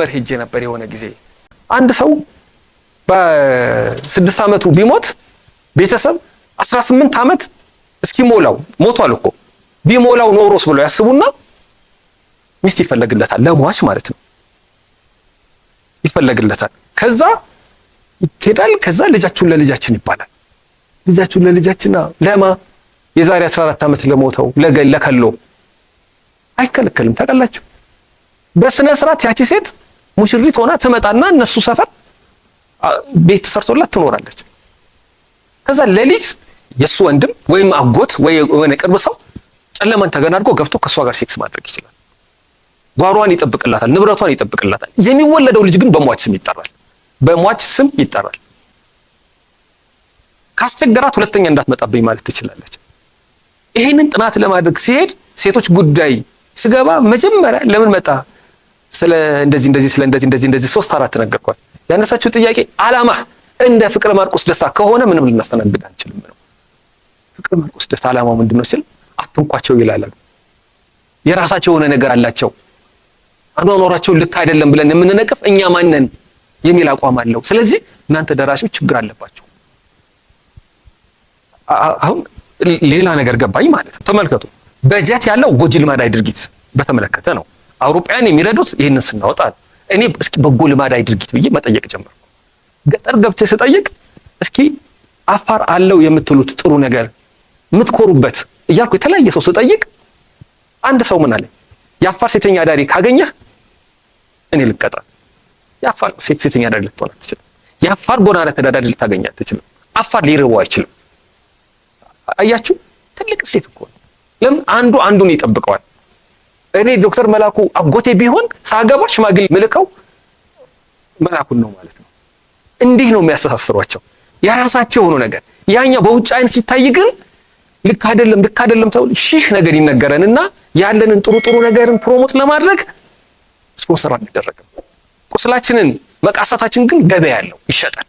በር ሄጄ ነበር የሆነ ጊዜ አንድ ሰው በስድስት ዓመቱ ቢሞት ቤተሰብ 18 ዓመት እስኪሞላው ሞቷል እኮ ቢሞላው ኖሮስ ብሎ ያስቡና ሚስት ይፈለግለታል፣ ለሟች ማለት ነው ይፈለግለታል። ከዛ ይሄዳል። ከዛ ልጃችሁን ለልጃችን ይባላል። ልጃችሁን ለልጃችን ለማ የዛሬ 14 ዓመት ለሞተው ለገለከለው ለከሎ አይከለከልም። ታውቃላችሁ በስነ ስርዓት ያቺ ሴት ሙሽሪት ሆና ትመጣና እነሱ ሰፈር ቤት ተሰርቶላት ትኖራለች። ከዛ ሌሊት የሱ ወንድም ወይም አጎት ወይ የሆነ ቅርብ ሰው ጨለማን ተገናድጎ ገብቶ ከእሷ ጋር ሴክስ ማድረግ ይችላል። ጓሯን ይጠብቅላታል፣ ንብረቷን ይጠብቅላታል። የሚወለደው ልጅ ግን በሟች ስም ይጠራል፣ በሟች ስም ይጠራል። ካስቸገራት ሁለተኛ እንዳትመጣብኝ ማለት ትችላለች። ይሄንን ጥናት ለማድረግ ሲሄድ ሴቶች ጉዳይ ስገባ መጀመሪያ ለምን መጣ ስለ እንደዚህ እንደዚህ ስለ እንደዚህ እንደዚህ እንደዚህ ሶስት አራት ነገርኳት። ያነሳችው ጥያቄ አላማ እንደ ፍቅረ ማርቆስ ደስታ ከሆነ ምንም ልናስተናግድ አንችልም ነው። ፍቅረ ማርቆስ ደስታ አላማው ምንድነው ሲል አትንኳቸው ይላል። የራሳቸው የሆነ ነገር አላቸው። አኗኗራቸው ልክ አይደለም ብለን የምንነቅፍ እኛ ማነን የሚል አቋም አለው። ስለዚህ እናንተ ደራሾች ችግር አለባቸው። አሁን ሌላ ነገር ገባኝ ማለት ነው። ተመልከቱ። በጀት ያለው ጎጂ ልማዳዊ ድርጊት በተመለከተ ነው። አውሮፓውያን የሚረዱት ይህንን ስናወጣ ነው። እኔ እስኪ በጎ ልማዳዊ ድርጊት ብዬ መጠየቅ ጀመርኩ። ገጠር ገብቼ ስጠይቅ እስኪ አፋር አለው የምትሉት ጥሩ ነገር የምትኮሩበት እያልኩ የተለያየ ሰው ስጠይቅ አንድ ሰው ምን አለ፣ የአፋር ሴተኛ አዳሪ ካገኘህ እኔ ልቀጣ። የአፋር ሴት ሴተኛ አዳሪ ልትሆን አትችልም። የአፋር ጎዳና ተዳዳሪ ልታገኝ አትችልም። አፋር ሊርበው አይችልም። አያችሁ፣ ትልቅ ሴት እኮ ለምን አንዱ አንዱን ይጠብቀዋል። እኔ ዶክተር መላኩ አጎቴ ቢሆን ሳገባ ሽማግሌ ምልከው መላኩን ነው ማለት ነው። እንዲህ ነው የሚያስተሳስሯቸው የራሳቸው የሆኑ ነገር። ያኛው በውጭ አይን ሲታይ ግን ልክ አይደለም ልክ አይደለም ተብሎ ሺህ ነገር ይነገረንና ያለንን ጥሩ ጥሩ ነገርን ፕሮሞት ለማድረግ ስፖንሰር አንደረግም። ቁስላችንን መቃሳታችን ግን ገበያ ያለው ይሸጣል።